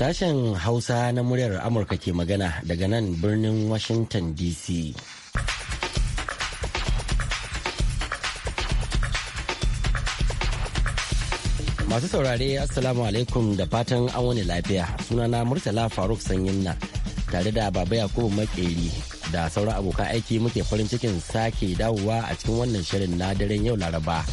Sashen Hausa na muryar Amurka ke magana daga nan birnin Washington DC. Masu saurare Assalamu alaikum da fatan an wani lafiya sunana Murtala Faruk sanyin na tare da Baba Yakubu Makeri da sauran abokan aiki muke farin cikin sake dawowa a cikin wannan shirin na daren yau Laraba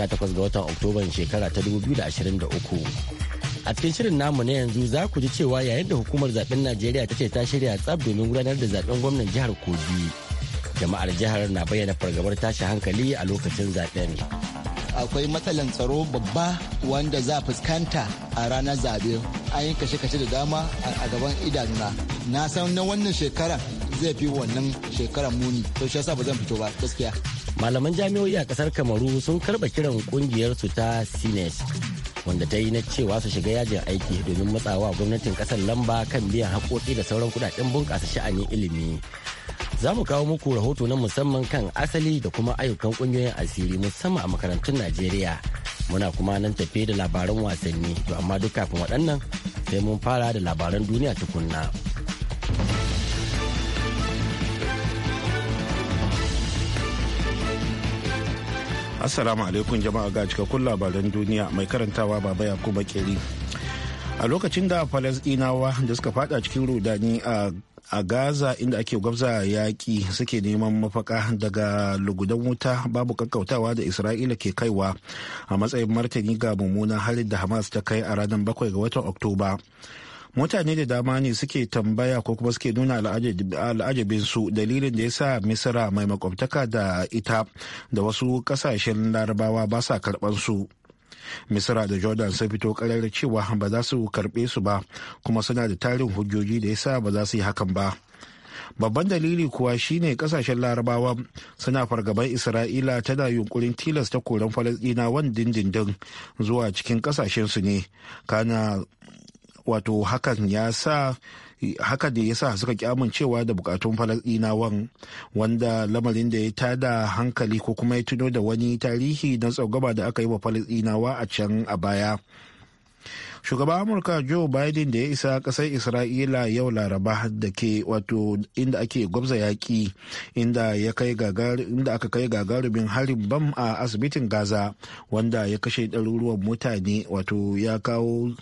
18 ga watan Oktoban shekara ta 2023. a cikin shirin namu na yanzu za ku ji cewa yayin da hukumar zaben najeriya ta ce ta shirya tsab domin gudanar da zaben gwamnan jihar kogi jama'ar jihar na bayyana fargabar tashi hankali a lokacin zaben akwai matsalan tsaro babba wanda za fuskanta a ranar zabe an yi kashe-kashe da dama a gaban idanuna na san na wannan shekaran zai fi wannan shekaran muni to shi yasa ba zan fito ba gaskiya malaman jami'o'i a kasar kamaru sun karba kiran kungiyar su ta sines wanda ta yi na cewa su shiga yajin aiki domin matsawa gwamnatin kasar lamba kan biyan haƙoƙi da sauran kudaden bunƙasa sha'anin ilimi za mu kawo muku rahoto na musamman kan asali da kuma ayyukan ƙungiyoyin asiri musamman a makarantun najeriya muna kuma nan tafe da labaran wasanni to amma duk kafin waɗannan sai mun fara da labaran duniya tukunna. Assalamu alaikum jama'a ga cikakkun labaran duniya mai karantawa baba ya kuma keri. A lokacin da Falasɗinawa da suka fada cikin rudani a Gaza inda ake gwabza yaƙi suke neman mafaka daga lugudan wuta babu kakkautawa da Isra'ila ke kaiwa a matsayin martani ga mummunan harin da Hamas ta kai a ranar 7 ga watan Oktoba. mutane da dama ne suke tambaya ko kuma suke nuna al'ajabinsu dalilin da ya sa misira mai makwabtaka da ita da wasu kasashen larabawa ba sa karɓar su misira da jordan sun fito karar cewa ba za su karɓe su ba kuma suna da tarin hujjoji da ya sa ba za su yi hakan ba babban dalili kuwa shine kasashen larabawa suna fargaban isra'ila tana yunkurin tilasta koren wan dindindin zuwa cikin ƙasashensu ne kana wato hakan ya sa haka da ya sa suka cewa da bukatun falasdinawan wanda lamarin da ya tada hankali ko kuma ya tuno da wani tarihi don tsogaba da aka yi wa falasdinawa a can a baya shugaban amurka joe biden da ya isa kasar isra'ila yau laraba da ke wato inda ake gwabza yaƙi inda aka kai gagarumin harin bam a asibitin gaza wanda ya kashe ɗaruruwan mutane wato ya kawo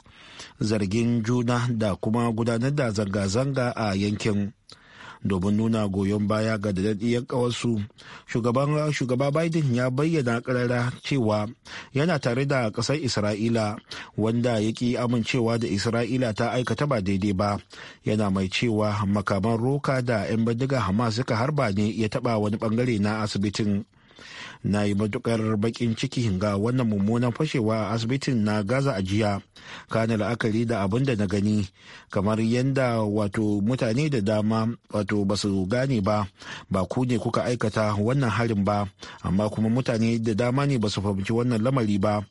zargin juna da kuma gudanar da zanga-zanga a yankin domin nuna goyon baya ga daɗaɗɗiyar ƙawarsu shugaba biden ya bayyana ƙarara cewa yana tare da ƙasar isra'ila wanda ya ƙi amincewa da isra'ila ta aikata ba daidai ba yana mai cewa makaman roka da 'yan bindiga hamas suka harba ne ya taɓa wani ɓangare na asibitin na yi matukar bakin ciki ga wannan mummunan fashewa a asibitin na gaza a jiya kana la'akari da abin da na gani kamar yadda wato mutane da dama wato ba su gane ba ba ku ne kuka aikata wannan harin ba amma kuma mutane da dama ne ba su fahimci wannan lamari ba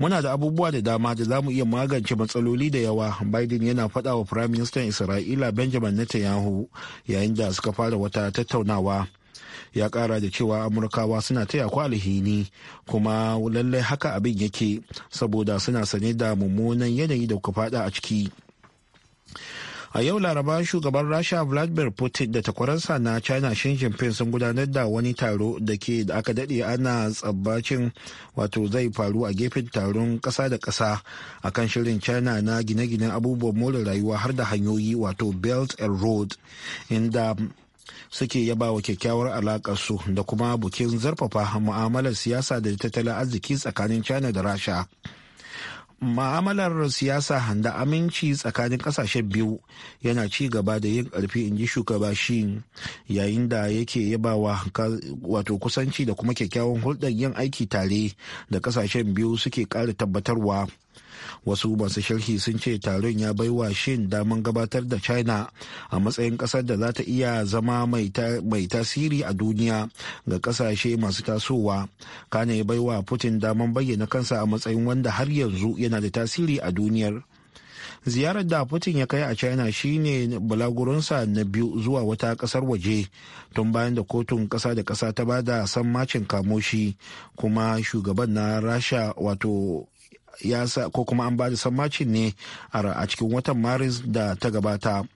muna da abubuwa da dama da za mu iya magance matsaloli da yawa biden yana faɗa wa prime isra'ila benjamin netanyahu yayin da suka fara wata tattaunawa ya kara da cewa amurkawa suna taya ku alhini kuma lallai haka abin yake saboda suna sane da mummunan yanayi da kuka fada a ciki a yau laraba shugaban rasha vladimir putin da takwaransa na china shi jinping sun gudanar da wani taro da ke da aka dade ana tsabbacin wato zai faru a gefen taron kasa da kasa akan shirin china na gine-ginen abubuwan more rayuwa har da hanyoyi wato belt and road inda suke yaba wa kyakkyawar su da kuma bukin zarfafa mu'amalar siyasa da tattalin arziki tsakanin china da rasha ma'amalar siyasa da aminci tsakanin kasashen biyu yana ci gaba da yin karfi ji shugaba shi yayin da yake yabawa wato kusanci da kuma kyakkyawan hulɗar yin aiki tare da kasashen biyu suke ƙara tabbatarwa wasu masu sharhi sun ce taron ya baiwa shin daman gabatar da china a matsayin kasar da za ta iya zama mai tasiri a duniya ga kasashe masu tasowa kane ya baiwa putin daman bayyana kansa a matsayin wanda har yanzu yana da tasiri a duniyar ziyarar da putin ya kai a china shine bulagurinsa na biyu zuwa wata kasar waje tun bayan da kotun kasa da kasa ta bada sammacin kamoshi kuma shugaban na rasha wato ya sa ko kuma an ba da sammacin ne a cikin watan maris da ta gabata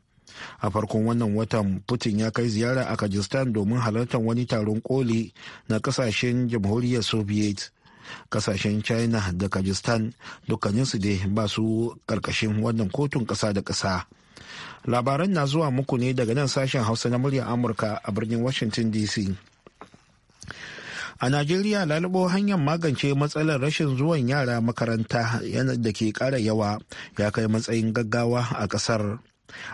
a farkon wannan watan putin ya kai ziyara a kajistan domin halartar wani taron koli na kasashen jamhuriyar soviet kasashen china da kajistan dukkaninsu dai ba su karkashin wannan kotun kasa da kasa labaran na zuwa muku ne daga nan sashen hausa na muryar amurka a birnin washington dc A Najeriya lalubo hanyar magance matsalar rashin zuwan yara makaranta da ke ƙara yawa ya kai matsayin gaggawa a ƙasar.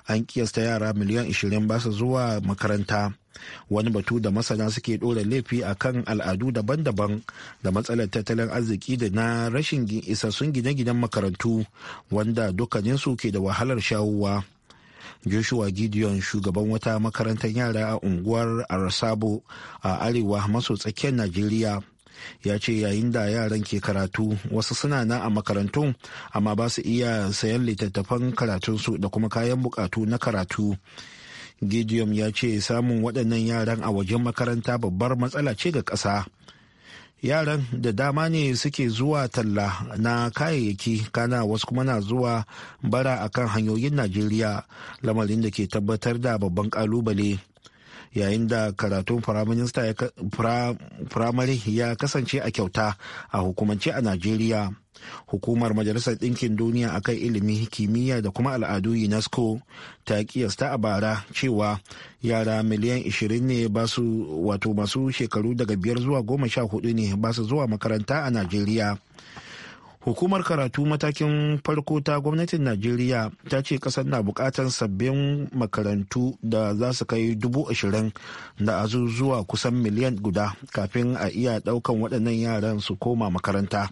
An kiyasta yara miliyan 20 ba su zuwa makaranta. Wani batu da masana suke ɗora laifi a kan al'adu daban-daban da matsalar tattalin arziki da na rashin isassun gine-ginen makarantu wanda dukkaninsu ke da wahalar shawowa. joshua gideon shugaban wata makarantar yara a unguwar arasabo a arewa maso tsakiyar najeriya ya ce yayin da yaran ke karatu wasu suna nan a makarantu amma ba su iya sayan littattafan karatunsu da kuma kayan bukatu na karatu gideon ya ce samun waɗannan yaran a wajen makaranta babbar matsala ce ga ƙasa yaran da dama ne suke zuwa talla na kayayyaki kana wasu kuma na zuwa bara akan hanyoyin najeriya lamarin da ke tabbatar da babban kalubale yayin da karatun firamare ya kasance a kyauta a hukumance a najeriya hukumar majalisar ɗinkin duniya a akan ilimi kimiyya da kuma al'adu unesco ta kiyasta a bara cewa yara miliyan 20 ne basu wato masu shekaru daga biyar zuwa goma sha hudu ne basu zuwa makaranta a najeriya hukumar karatu matakin farko ta gwamnatin najeriya ta ce kasar na bukatar sabbin makarantu da za su kai dubu ashirin da azuzuwa kusan miliyan guda kafin a iya daukan waɗannan yaran su koma makaranta.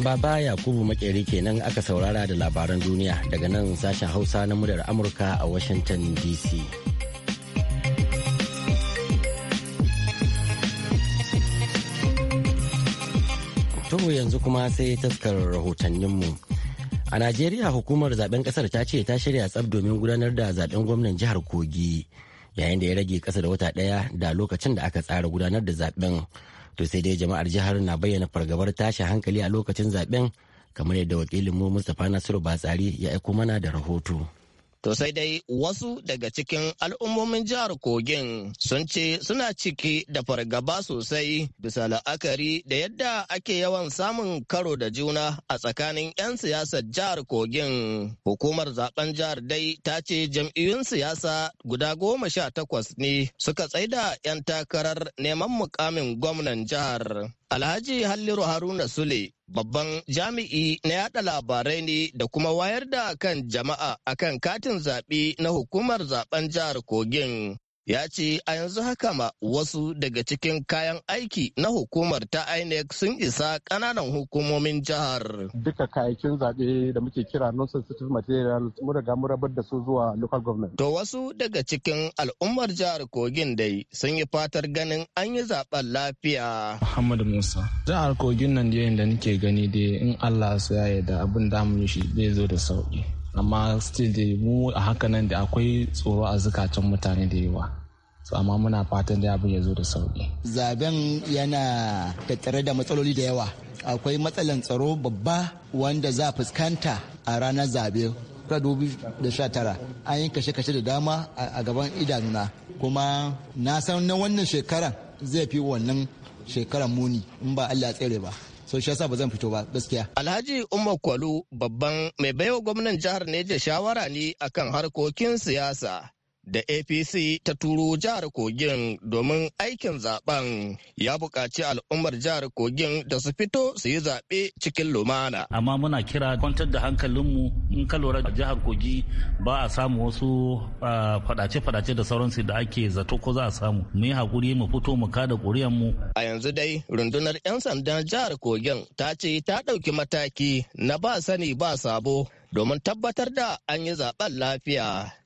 Baba Yakubu Makeri kenan aka saurara da labaran duniya daga nan sashen Hausa na muryar Amurka a Washington DC. To yanzu kuma sai taskar rahotanninmu. A Najeriya hukumar zaben kasar ta ce ta shirya tsab domin gudanar da zaben gwamnan jihar Kogi yayin da ya rage kasa da wata daya da lokacin da aka tsara gudanar da zaben. to sai dai jama'ar jihar na bayyana fargabar tashi hankali a lokacin zaben kamar yadda wakilin mu mustapha nasiru batsari ya aiko mana da rahoto To sai dai wasu daga cikin al'ummomin jihar Kogin sun ce suna ciki da fargaba sosai bisa la'akari da yadda ake yawan samun karo da juna a tsakanin 'yan siyasar jihar Kogin. Hukumar zaben jihar dai ta ce jam'iyyun siyasa guda goma sha takwas ne suka tsaida 'yan takarar neman mukamin gwamnan jihar. Alhaji Halliru Haruna Sule babban jami'i na yada labarai ne da kuma wayar da kan jama'a akan katin zaɓe na hukumar zaben jihar Kogin ya ce a yanzu haka ma wasu daga cikin kayan aiki na hukumar ta INEC sun isa kananan hukumomin jihar. Duka kayakin zaɓe da muke kira non-sensitive material mu da rabar da su zuwa local government. To wasu daga cikin al'ummar jihar Kogin dai sun yi fatar ganin an yi zaɓen lafiya. Muhammad Musa. Jihar Kogin nan da nake gani dai in Allah ya yarda abin da shi zai zo da sauki. amma still dai mu a haka da akwai tsoro a zikacin mutane da yawa so amma muna fatan da abin ya zo da sauki zaben yana tattare da matsaloli da yawa akwai matsalan tsaro babba wanda za fuskanta a ranar zabe ta tara, an yi kashe-kashe da dama a gaban idanuna kuma na san na wannan shekaran zai fi wannan shekaran muni in ba Allah tsere ba so shi yasa ba zan fito ba gaskiya Alhaji Umar Kwalu babban mai baiwa gwamnan jihar Neja shawara ne akan harkokin siyasa da apc ta turo jihar kogin domin aikin zaben ya buƙaci al'ummar jihar kogin da su fito su yi zaɓe cikin lumana amma muna kira kwantar da hankalinmu in ka lura da jihar kogi ba a samu wasu fadace-fadace da sauransu da ake zato ko za a samu mu yi haƙuri mu fito mu kada mu. a yanzu dai rundunar 'yan sandan jihar kogin ta ce ta ɗauki mataki na ba sani ba sabo domin tabbatar da an yi zaben lafiya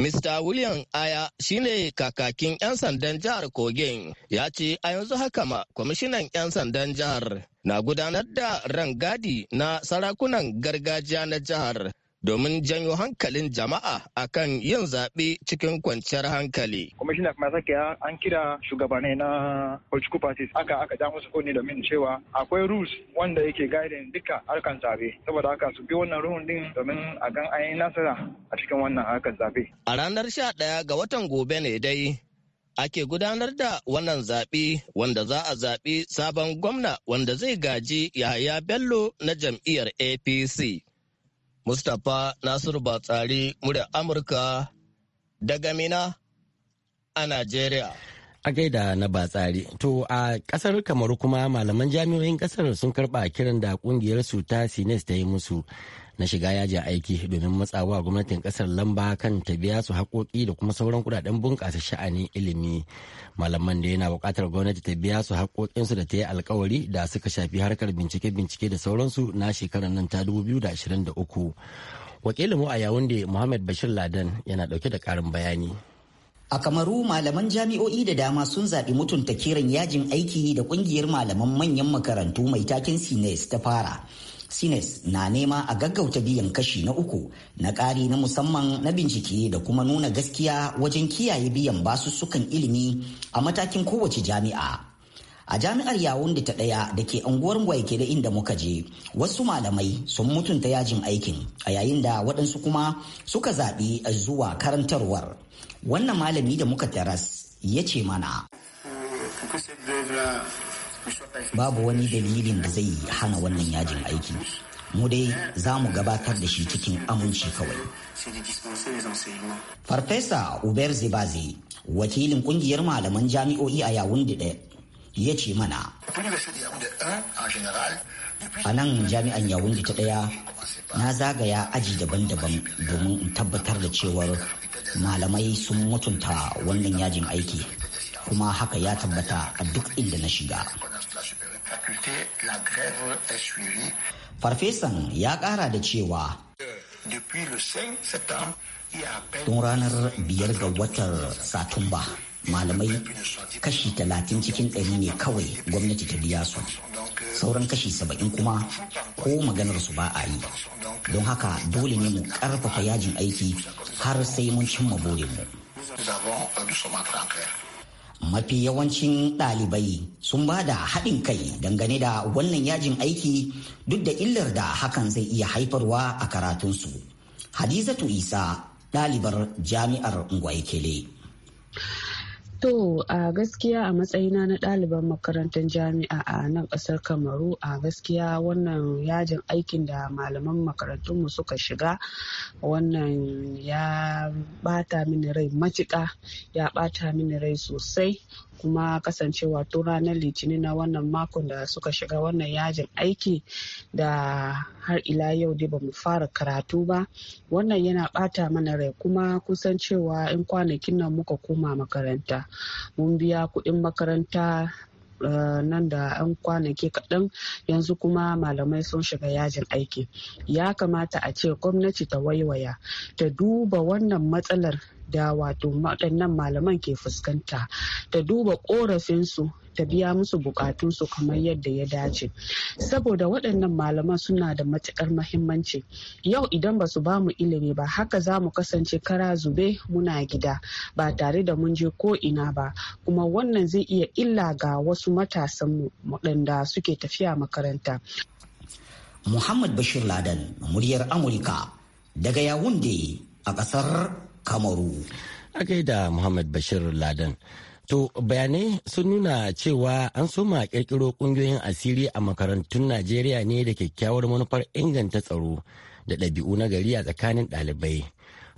Mr. William Aya shine kakakin 'yan sandan jihar Kogin ya ce a yanzu haka ma kwamishinan 'yan sandan jihar na gudanar da rangadi na sarakunan gargajiya na jihar domin janyo hankalin jama'a akan yin zaɓe cikin kwanciyar hankali. Kwamishina kuma sake an kira shugabanai na political parties aka aka ja musu kunni domin cewa akwai rules wanda yake guiding duka harkan zaɓe saboda haka su bi wannan ruhun din domin a gan an yi nasara a cikin wannan harkan zaɓe. A ranar sha ɗaya ga watan gobe ne dai ake gudanar da wannan zaɓe wanda za a zaɓi sabon gwamna wanda zai gaji Yahaya Bello na jam'iyyar APC. Mustapha Nasiru Batsari murya Amurka daga Mina a Najeriya. A gaida na Batsari, to a kasar Kamaru kuma malaman jami'o'in kasar sun karba kiran da kungiyar su ta Sinis ta yi musu na shiga yajin aiki domin matsawa gwamnatin kasar lamba kan ta biya su haƙoƙi da kuma sauran kudaden bunƙasa sha'anin ilimi malaman da yana buƙatar gwamnati ta biya su haƙoƙinsu da ta yi alkawari da suka shafi harkar bincike-bincike da sauransu na shekarar nan ta uku wakilin mu a da muhammad bashir ladan yana ɗauke da ƙarin bayani A Kamaru malaman jami'o'i da dama sun zaɓi mutunta kiran yajin aiki da ƙungiyar malaman manyan makarantu mai takin Sines ta fara. sines na nema a gaggauta biyan kashi na uku na ƙari na musamman na bincike da kuma nuna gaskiya wajen kiyaye biyan basussukan ilimi a matakin kowace jami'a a jami'ar da ta ɗaya da ke unguwar gwaike da inda muka je wasu malamai sun mutunta yajin aikin a yayin da waɗansu kuma suka zaɓi zuwa karantarwar wannan malami da muka taras ya ce mana eh, babu wani dalilin da zai hana wannan yajin aiki mu dai za mu gabatar da shi cikin aminci kawai farfesa uber zibazi wakilin kungiyar malaman jami'o'i a yawun da ya ce mana a nan jami'an yawun ta ɗaya, na zagaya aji daban-daban domin in tabbatar da cewar malamai sun mutunta wannan yajin aiki kuma haka ya tabbata a duk inda na shiga farfesan ya kara da cewa tun ranar biyar ga watan satumba malamai kashi talatin cikin ɗari ne kawai gwamnati ta biya su sauran kashi saba'in kuma ko maganar su ba a yi don haka dole ne mu ƙarfafa yajin aiki har sai mun cimma burinmu. mafi yawancin ɗalibai sun ba da haɗin kai dangane da wannan yajin aiki duk da illar da hakan zai iya haifarwa a karatunsu hadizatu isa ɗalibar jami'ar ngwaikele To a gaskiya a matsayina na ɗaliban makarantar jami'a a nan ƙasar Kamaru a gaskiya wannan yajin aikin da malaman makarantunmu suka shiga wannan ya ɓata mini rai matuƙa ya ɓata mini rai sosai kuma kasancewa to ranar litinin na wannan makon da suka shiga wannan yajin aiki da har ila yau dai bamu fara karatu ba wannan yana bata mana rai kuma kusan cewa in kwanakin nan muka koma makaranta mun biya kuɗin makaranta eh, nan da 'yan kwanaki kaɗan yanzu kuma malamai sun shiga yajin aiki ya kamata a ce gwamnati ta waiwaya ta duba wannan matsalar da wato waɗannan malaman ke fuskanta ta duba ƙorafinsu ta biya musu bukatunsu kamar yadda ya dace saboda waɗannan malaman suna da matuƙar mahimmanci yau idan ba su bamu ilimi ba haka za mu kasance kara zube muna gida ba tare da mun je ko ina ba kuma wannan zai iya illa ga wasu matasan waɗanda suke tafiya makaranta muhammad bashir ladan muryar amurka daga yawun a ƙasar kamaru a gaida muhammad bashir ladan To bayanai sun nuna cewa an soma kirkiro kungiyoyin asiri a makarantun Najeriya ne da kyakkyawar manufar inganta tsaro da ɗabi'u na gari a tsakanin ɗalibai.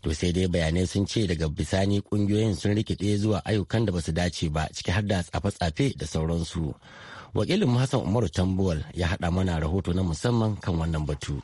To sai dai bayanai sun ce daga bisani kungiyoyin sun rikide zuwa ayyukan da basu dace ba ciki har da tsafe-tsafe da sauransu. Wakilin Hassan Umaru Tambuwal ya haɗa mana rahoto na musamman kan wannan batu.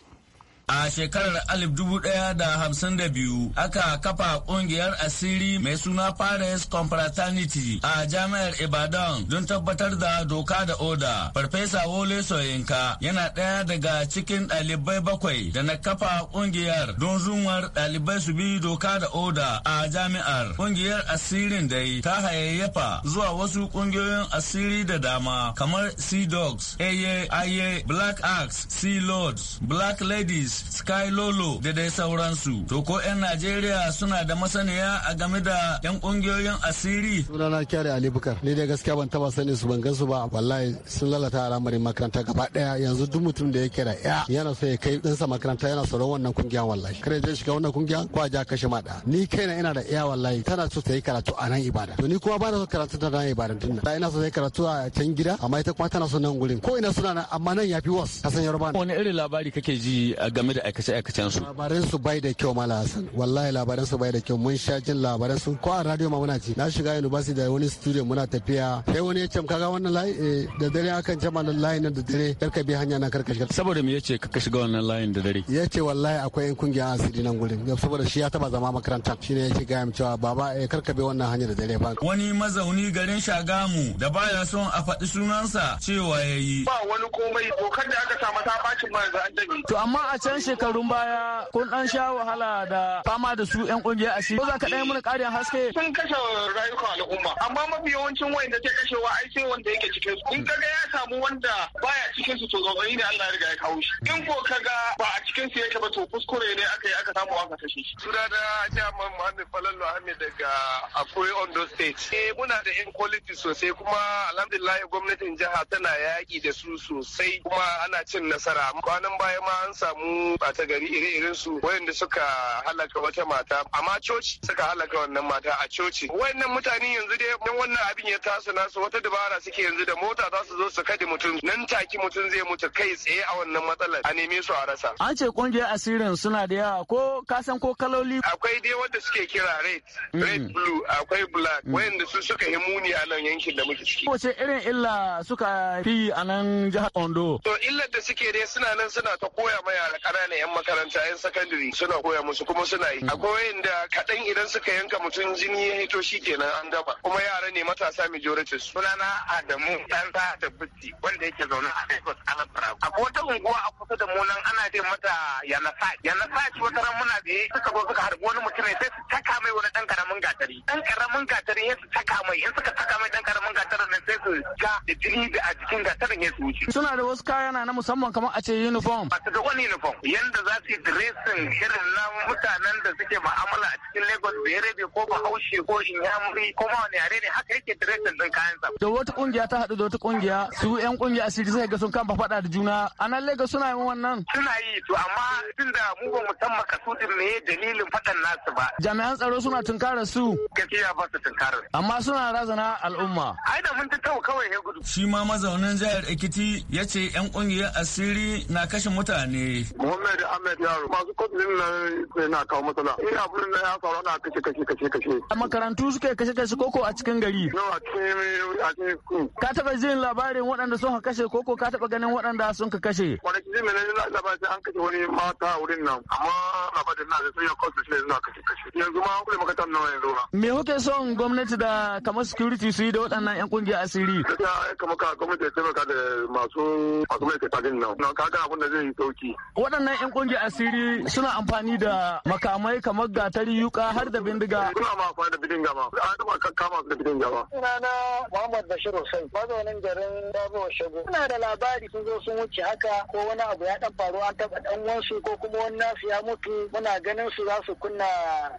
A shekarar 1952 aka kafa kungiyar asiri mai suna Paris Confraternity a jami'ar Ibadan don tabbatar da doka da oda. Farfesa Wole Soyinka yana ɗaya daga cikin ɗalibai bakwai da na kafa kungiyar don zumar ɗalibai su bi doka da oda a jami'ar. Kungiyar asirin dai ta hayayyafa zuwa wasu kungiyoyin asiri da dama kamar Sea Dogs, Aye Black Axe, Sea Lords, Black Ladies, Sky Lolo da dai sauransu. To ko 'yan Najeriya suna da masaniya a game da 'yan kungiyoyin asiri. Sunana Kyari Ali Bukar. Ni dai gaskiya ban taba sani su ban gansu ba. Wallahi sun lalata al'amarin makaranta gaba daya. Yanzu duk mutum da yake da ya yana so ya kai ɗinsa makaranta yana tsoron wannan kungiya wallahi. Kare zai shiga wannan kungiya ko a ja kashe maɗa. Ni kaina ina da ya wallahi tana so ta yi karatu a nan ibada. To ni kuma ba na so karatu ta nan ibada tun da. Ina so ta yi karatu a can gida amma ita kuma tana so nan gurin. Ko ina suna amma nan ya fi was. Kasan Wani irin labari kake ji a game da aikace-aikacen su. Labaran su bai da kyau mala Hassan. Wallahi labaran su bai da kyau mun sha jin labaran su ko a radio ma muna ci. Na shiga university da wani studio muna tafiya. Sai wani ya ce kaga wannan layi eh, da dare akan ce ma layi nan da dare kar ka bi hanya na karka ka shiga. Saboda me yace ka shiga wannan layi da dare? Yace wallahi akwai yan kungiya asiri nan gurin. Saboda shi ya taba zama makaranta. Shine yace ga mu cewa baba eh, kar ka bi wannan hanya da dare ba. Wani mazauni garin Shagamu da baya son a faɗi sunansa cewa yayi. Ba wani komai dokar da aka samu ta bacin ma da an To amma a can 'yan shekarun baya kun dan sha wahala da fama da su 'yan kungiyar asiri. Ko za ka ɗaya mana ƙarin haske? Sun kashe rayuka al'umma amma mafi yawancin da ta kashewa ai sai wanda yake cikin su. In kaga ya samu wanda baya cikin su to zazzabin ne Allah ya riga ya kawo shi. In ko kaga ba a cikin su yake ba to kuskure ne aka yi aka samu aka kashe shi. Sunana Jaman Muhammad Falalu Ahmed daga Akure Ondo State. Eh muna da in quality sosai kuma alhamdulillah gwamnatin jiha tana yaki da su sosai kuma ana cin nasara. Kwanan baya ma an samu bata gari ire-iren su wayanda suka halaka wata mata amma coci suka halaka wannan mata a coci wayannan mutane yanzu dai dan wannan abin ya taso nasu wata dabara suke yanzu da mota za su zo su kade mutum nan take mutum zai mutu kai tsaye a wannan matsalar a neme su a rasa an ce kungiyar asirin suna da yawa ko kasan ko kaloli akwai dai wanda suke kira red hmm. red blue akwai black hmm. wayanda su suka yi muni a nan yankin da muke ciki wace irin illa suka fi a nan jihar Ondo to illar da suke dai suna nan suna ta koya ma yara ne 'yan makaranta 'yan sakandare suna koya musu kuma suna yi mm. akwai wayanda kaɗan idan suka yanka mutum jini ya hito shi kenan an gaba kuma yara ne matasa majority sunana adamu dan sa da bitti wanda yake zaune a lagos alabra akwai wata unguwa a kusa da mu nan ana ce mata yanasa yanasa shi wata ran muna biye suka zo suka harbi wani mutum ne sai su taka mai wani dan karamin gatari dan karamin gatari ya su taka mai in suka taka mai dan karamin gatari nan sai su ga da jini da a jikin gatarin ya su wuce suna da wasu kaya na musamman kamar a ce uniform ba su da wani uniform yanda za su yi diresin shirin na mutanen da suke ma'amala a cikin Lagos rabe ko Bahaushe ko Inyamuri ko ma wani yare ne haka yake diresin din kayansa. Da wata kungiya ta haɗu da wata kungiya su 'yan kungiya asiri sai ga sun kama faɗa da juna a nan Lagos suna yin wannan. Suna yi to amma tun da mu ba mu san din me dalilin faɗan nasu ba. Jami'an tsaro suna tunkarar su. Gaskiya ba su tunkarar. Amma suna razana al'umma. Ai da mun ta tau kawai ya gudu. Shi ma mazaunin jihar Ekiti ya ce 'yan kungiyar asiri na kashe mutane. Muhammad Ahmed Yaro masu kotun nan na kawo matsala. Ina abin da ya faru na kashe kashe kashe kashe. A makarantu suke kashe kashe koko a cikin gari. No a cikin Ka taba jin labarin waɗanda sun ka kashe koko ka taba ganin waɗanda sun ka kashe. Wani Kwanaki jin mene labarin an kashe wani mata wurin nan amma labarin na da sun yi kotun shi suna kashe kashe. Yanzu ma kuma kula makarantar nan yanzu na. Me kuke son gwamnati da kamar security su yi da waɗannan 'yan kungiyar asiri? Kaka kamar ka gwamnati ya taimaka da masu masu ma'aikata din nan. Na kaga abin da zai yi sauki. waɗannan 'yan ƙungiyar asiri suna amfani da makamai kamar gatari yuka har da bindiga. Eh, suna ma amfani da bindiga ma. An taɓa kakkama da bindiga ma. Sunana Muhammad Bashir Hussein mazaunin garin Dabo Shago. Suna da labari sun zo sun wuce haka ko wani abu ya ɗan faru an taɓa ɗan wansu ko kuma wani nasu ya mutu muna ganin su za su kunna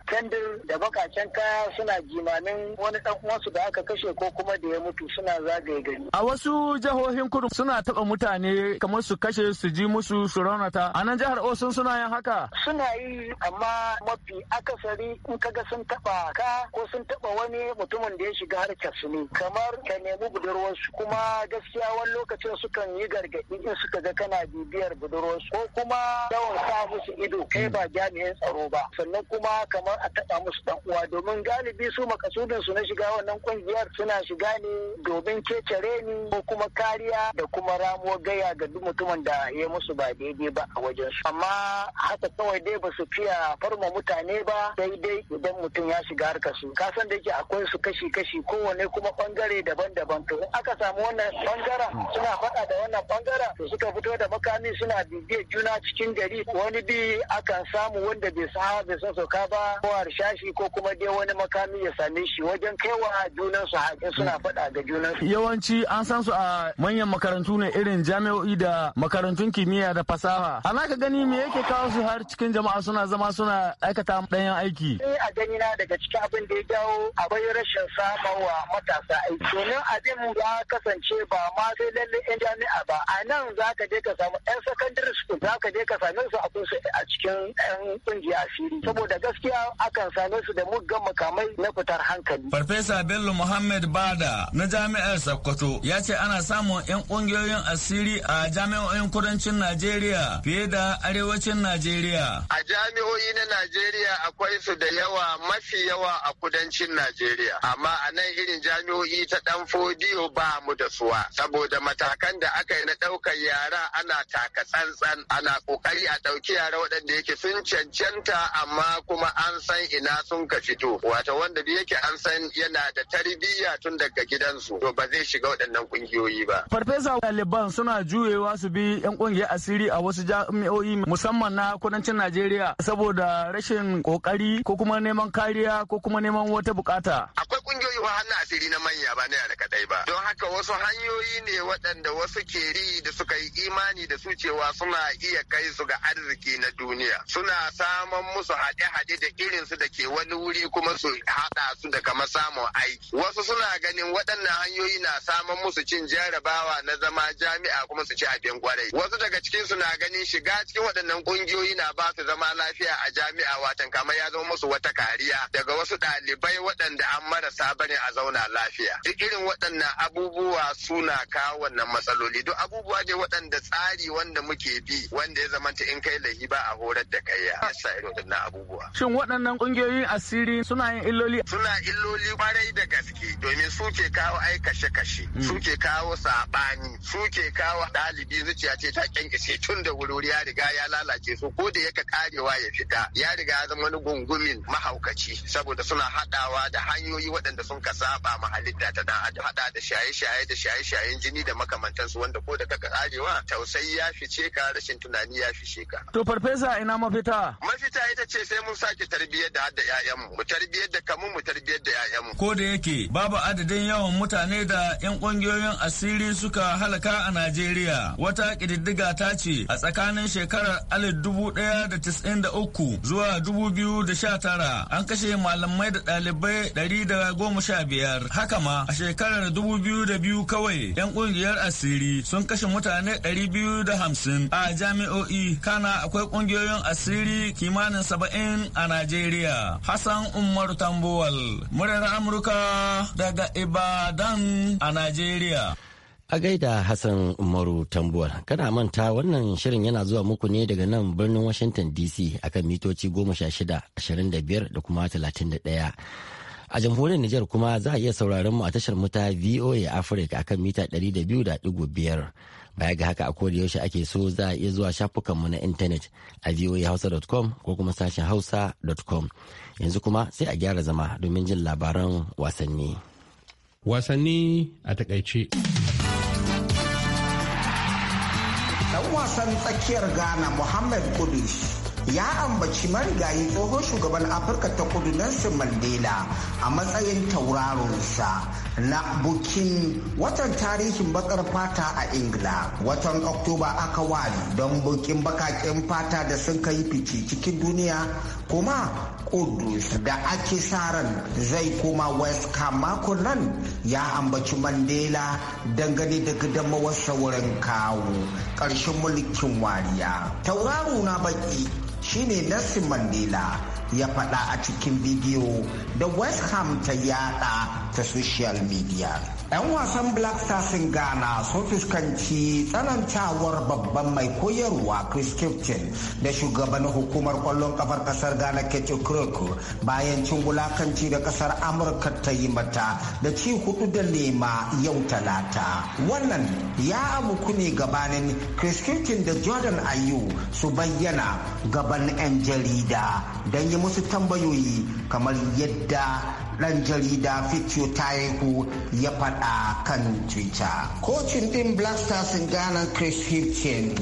kandir da bakacen kaya suna jimanin wani ɗan uwansu da aka kashe ko kuma da ya mutu suna zagaye gari. A wasu jihohin kudu suna taɓa mutane kamar su kashe su ji musu su raunata. nan jihar Osun suna yin haka? Suna yi amma mafi akasari in kaga sun taba ka ko sun taba wani mutumin da ya shiga harkar su ne kamar ka nemi su kuma gaskiya wani lokacin sukan yi gargaɗi in suka ga kana bibiyar budurwarsu ko kuma yawan sa musu ido kai ba jami'in tsaro ba sannan kuma kamar a taba musu dan uwa domin galibi su makasudin su na shiga wannan kungiyar suna shiga ne domin kecare ni ko kuma kariya da kuma ramuwar gaya ga duk mutumin da ya musu ba daidai ba a waje gidan su amma haka kawai dai ba su fiya farma mutane ba daidai idan mutum ya shiga harkar su kasan da yake akwai su kashi kashi kowane kuma bangare daban-daban to in aka samu wannan bangaren suna faɗa da wannan bangaren to suka fito da makami suna bibiyar juna cikin gari wani bi akan samu wanda bai sa bai san sauka ba ko harshashi ko kuma dai wani makami ya same shi wajen kaiwa junan su haƙin suna faɗa da junan su yawanci an san su a manyan makarantu ne irin jami'o'i da makarantun kimiyya da fasaha ana ka gani me yake kawo su har cikin jama'a suna zama suna aikata ɗanyen aiki? Eh a gani na daga cikin abin da ya jawo akwai rashin samarwa matasa aiki. Domin abin ya kasance ba ma sai lalle 'yan jami'a ba. A nan za ka je ka samu 'yan sakandare school za ka je ka same su a kusa a cikin 'yan kungiya asiri. Saboda gaskiya akan same su da muggan makamai na fitar hankali. Farfesa Bello Muhammad Bada na jami'ar Sokoto ya ce ana samun 'yan ƙungiyoyin asiri a jami'o'in kudancin Najeriya fiye da ta arewacin Najeriya. A jami'o'i na Najeriya akwai su da yawa mafi yawa a kudancin Najeriya. Amma a nan irin jami'o'i ta dan fodiyo ba mu da suwa. Saboda matakan da aka yi na ɗaukar yara ana taka tsantsan ana ƙoƙari a ɗauki yara waɗanda yake sun cancanta amma kuma an san ina sun ka fito. Wata wanda da yake an san yana da tarbiyya tun daga gidansu. To ba zai shiga waɗannan ƙungiyoyi ba. Farfesa ɗaliban suna juyewa su bi 'yan ƙungiyar asiri a wasu jami'o'i jami'o'i musamman na kudancin Najeriya saboda rashin kokari ko kuma neman kariya ko kuma neman wata bukata. Akwai kungiyoyi ba hannu asiri na manya ba na yara kadai ba. Don haka wasu hanyoyi ne waɗanda wasu ke ri da suka yi imani da su cewa suna iya kai su ga arziki na duniya. Suna saman musu haɗe-haɗe da irin su da ke wani wuri kuma su haɗa su da kamar samun aiki. Wasu suna ganin waɗannan hanyoyi na saman musu cin jarabawa na zama jami'a kuma su ci abin kwarai. Wasu daga cikin su na ganin shiga shiga cikin waɗannan ƙungiyoyi na ba su zama lafiya a jami'a watan kamar ya zama musu wata kariya daga wasu ɗalibai waɗanda an marasa bane a zauna lafiya duk irin waɗannan abubuwa suna kawo wannan matsaloli duk abubuwa ne waɗanda tsari wanda muke bi wanda ya zamanta in kai lahi ba a horar da kai ya sa irin waɗannan abubuwa shin waɗannan ƙungiyoyin asiri suna yin illoli suna illoli kwarai da gaske domin su ke kawo ai kashe-kashe su mm. ke kawo saɓani su ke kawo ɗalibi zuciya ce ta kyankyashe tun da wuri riga ya lalace su ko da yaka karewa ya fita ya riga ya zama wani gungumin mahaukaci saboda suna haɗawa da hanyoyi waɗanda sun ka saba ma halitta ta dan adam haɗa da shaye-shaye da shaye-shayen jini da makamantansu wanda ko da kaka karewa tausayi ya fice ka rashin tunani ya fice ka. To farfesa ina mafita? Mafita ita ce sai mun sake tarbiyyar da hadda 'ya'yan mu tarbiyyar da kamun mu tarbiyyar da 'ya'yanmu. Ko da yake babu adadin yawan mutane da 'yan ƙungiyoyin asiri suka halaka a Najeriya wata ƙididdiga ta ce a tsakanin shekarar 1993 zuwa tara, an kashe malamai da ɗalibai ɗari sha biyar, haka ma a shekarar 2002 kawai 'yan ƙungiyar asiri sun kashe mutane da hamsin a jami'o'i kana akwai ƙungiyoyin asiri kimanin saba'in a Najeriya. Hassan Umar Tambuwal, murar Amurka daga Ibadan a Najeriya. A gaida Hassan Umaru Tambuwar, kana manta wannan shirin yana zuwa muku ne daga nan birnin Washington DC akan mitoci shida ashirin da kuma 31. A jamhuriyar Nijar kuma za a iya sauraron mu a tashar muta VOA Africa akan mita ɗari da da biyu 200.5. Baya ga haka a koda yaushe ake so za a iya zuwa shafukanmu na intanet a voahausa.com ko kuma sashen hausa.com. Yanzu kuma sai a gyara zama domin jin labaran wasanni. Wasanni a takaice. dan wasan tsakiyar ghana mohammed kudus ya ambaci marigayi tsohon shugaban afirka ta kudu nelson mandela a matsayin tauraronsa na bukin watan tarihin bakar fata a ingila watan oktoba aka ware don bukin bakaken fata da sun kai fice cikin duniya kuma kudus da ake ran zai koma west ham makon nan ya ambaci mandela dangane da gudunmawar saurin kawo ƙarshen mulkin wariya tauraro na baki shine Nelson Mandela ya faɗa a cikin bidiyo da west ham ta yada ta social media 'Yan wasan Black Stars in Ghana sun fuskanci tsanantawar babban mai koyarwa Chris Kipton da shugabannin hukumar kwallon kafar kasar Ghana Ketu crook bayan cin wulakanci da kasar Amurka ta yi mata da ci hudu da lema yau talata. Wannan ya abuku ne gabanin Chris Kipton da Jordan Ayu su bayyana gaban 'yan jarida don yi musu tambayoyi kamar yadda ɗan jarida Fitio Tayeku ya faɗa kan Twitter. Kocin ɗin Black Stars Ghana Chris Hilton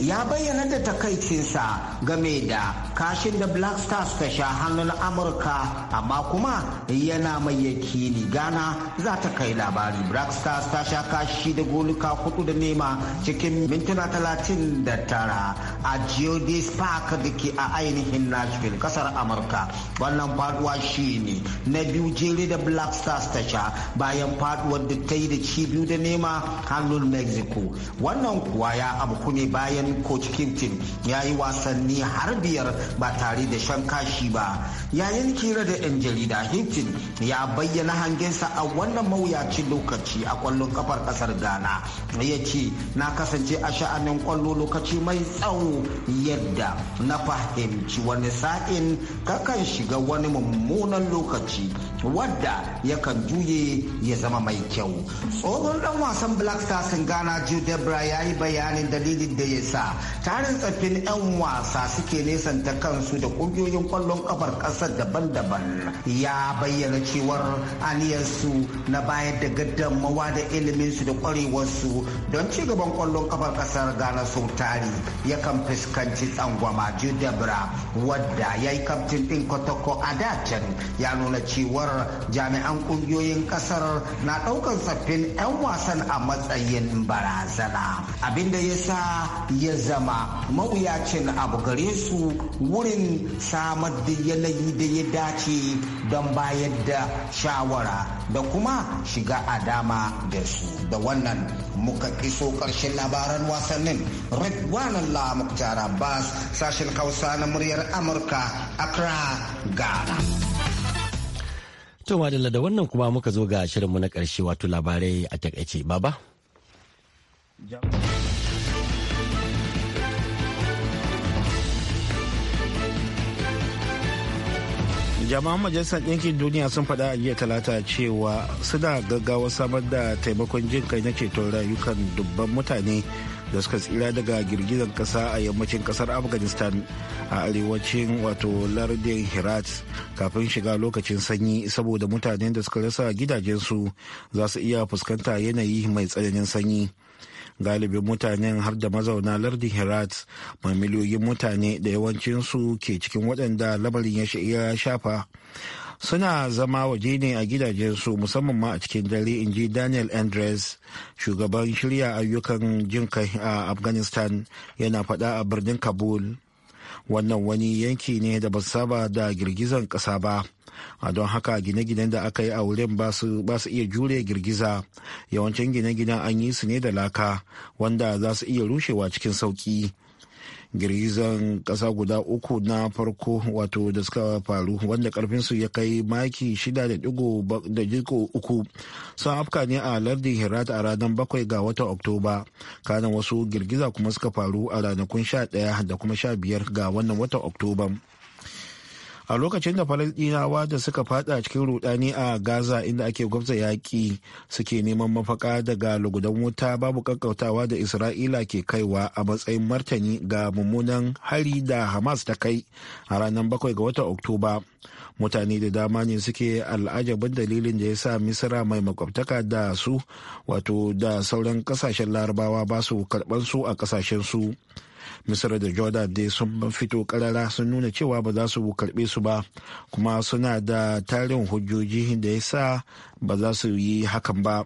ya bayyana da takaicinsa game da kashin da black stars ta sha hannun amurka amma kuma yana mai yakini ghana za ta kai labari black stars ta sha kashi da goluka hudu da nema cikin mintuna talatin da tara a geodis park da ke a ainihin nashville kasar amurka wannan faduwa shine na biyu jere da black stars ta sha bayan faduwar da ta yi da ci da nema hannun mexico wannan kuwa ya abu ne bayan bayan coach Kempton ya yi wasanni har biyar ba tare da shan kashi ba. Yayin kira da 'yan jarida Hinton ya bayyana hangensa a wannan mawuyacin lokaci a kwallon kafar kasar Ghana. Ya ce na kasance a sha'anin kwallo lokaci mai tsawo yadda na fahimci wani sa'in kakan shiga wani mummunan lokaci wadda yakan juye ya zama mai kyau tsohon dan wasan black stars ghana jude debra ya yi bayanin dalilin da ya sa tarin tsaffin 'yan wasa suke nesanta kansu da kungiyoyin kwallon kafar kasar daban-daban ya bayyana cewar aniyarsu na bayar da gaddamawa da iliminsu da kwarewarsu don ci gaban kwallon kafar kasar ghana sau tari yakan fuskanci tsangwama jude debra wadda ya yi kaftin din kotoko a dacen ya nuna cewar kasar jami'an kungiyoyin kasar na daukan sabbin 'yan wasan a matsayin barazana abinda ya sa ya zama mawuyacin abu gare su wurin samar da yanayi da ya dace don bayar da shawara da kuma shiga a dama da su da wannan muka iso karshen labaran wasannin redwan allah muktar abbas sashen hausa na muryar amurka accra ghana To madalla da wannan kuma muka zo ga shirinmu na karshe wato labarai a takaice baba. jama'an majalisar ɗinkin duniya sun faɗa a jiya talata cewa suna gaggawa samar da taimakon jin kai na ceton rayukan dubban mutane da suka tsira daga girgizar kasa a yammacin kasar afghanistan a arewacin wato lardin herat kafin shiga lokacin sanyi saboda mutanen da suka rasa gidajensu za su iya fuskanta yanayi mai tsananin sanyi galibin mutanen har da mazauna lardin herat mai miliyoyin mutane da yawancinsu ke cikin waɗanda lamarin ya shafa suna zama waje ne a gidajensu musamman ma a cikin dare in ji daniel andres shugaban shirya ayyukan jin kai a afghanistan yana fada a birnin kabul wannan wani yanki ne da ba saba da girgizan kasa ba a don haka gine-ginen da aka yi a wurin ba su iya jure girgiza yawancin gine-ginen an yi su ne da laka wanda za su iya rushewa cikin sauki girgizan kasa guda uku na farko wato da suka faru wanda karfinsu ya kai maki shida da jiko uku sun afka ne a lardin herat a ranar bakwai ga watan oktoba kanan wasu girgiza kuma suka faru a ranakun sha daya da kuma sha biyar ga wannan watan oktoba a lokacin da falasdinawa da suka fada cikin rudani a gaza inda ake gwamza yaƙi suke neman mafaka daga lugudan wuta babu kakkautawa da isra'ila ke kaiwa a matsayin martani ga mummunan hari da hamas ta kai a ranar bakwai ga watan oktoba mutane da dama ne suke al'ajabin dalilin da ya sa misira mai makwabtaka da su wato da sauran kasashen larabawa ba su karɓar su a kasashen su misir da jordan dai sun fito karara sun nuna cewa ba za su karbe su ba kuma suna da tarin hujjoji da ya sa ba za su yi hakan ba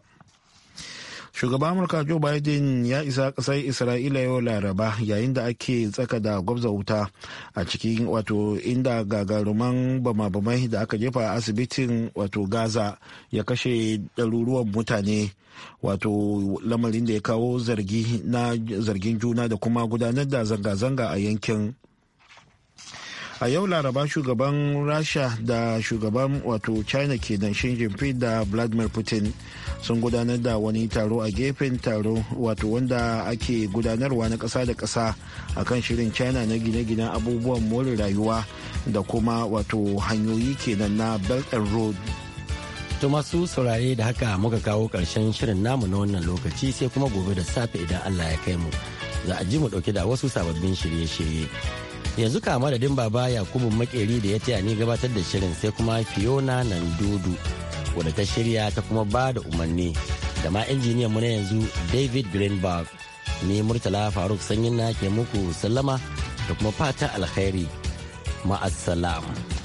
shugaban amurka joe biden ya isa kasar isra'ila yau laraba yayin da ake tsaka da gwabza wuta a cikin wato inda gagaruman bama-bamai da aka jefa a asibitin wato gaza ya kashe ɗaruruwan mutane wato lamarin da ya kawo zargi na zargin juna da kuma gudanar da zanga-zanga a yankin a yau laraba shugaban rasha da shugaban wato china kenan shi jinfi da vladimir putin sun gudanar da wani taro a gefen taro wato wanda ake gudanarwa na kasa da kasa a kan shirin china na gine gine abubuwan more rayuwa da kuma wato hanyoyi kenan na belt and road To masu saurare da haka muka kawo ƙarshen shirin namu na wannan lokaci sai kuma gobe da safe idan Allah ya kai mu. Za a ji mu dauke da wasu sababbin shirye-shirye. yanzu ka madadin baba yakubu makeri da ya taya ni gabatar da shirin sai kuma fiona dudu wadda ta shirya ta kuma ba da umarni da ma injiniyan mu na yanzu david greenberg ni murtala faruk sanyin na ke muku sallama da kuma fata alkhairi ma'assalam.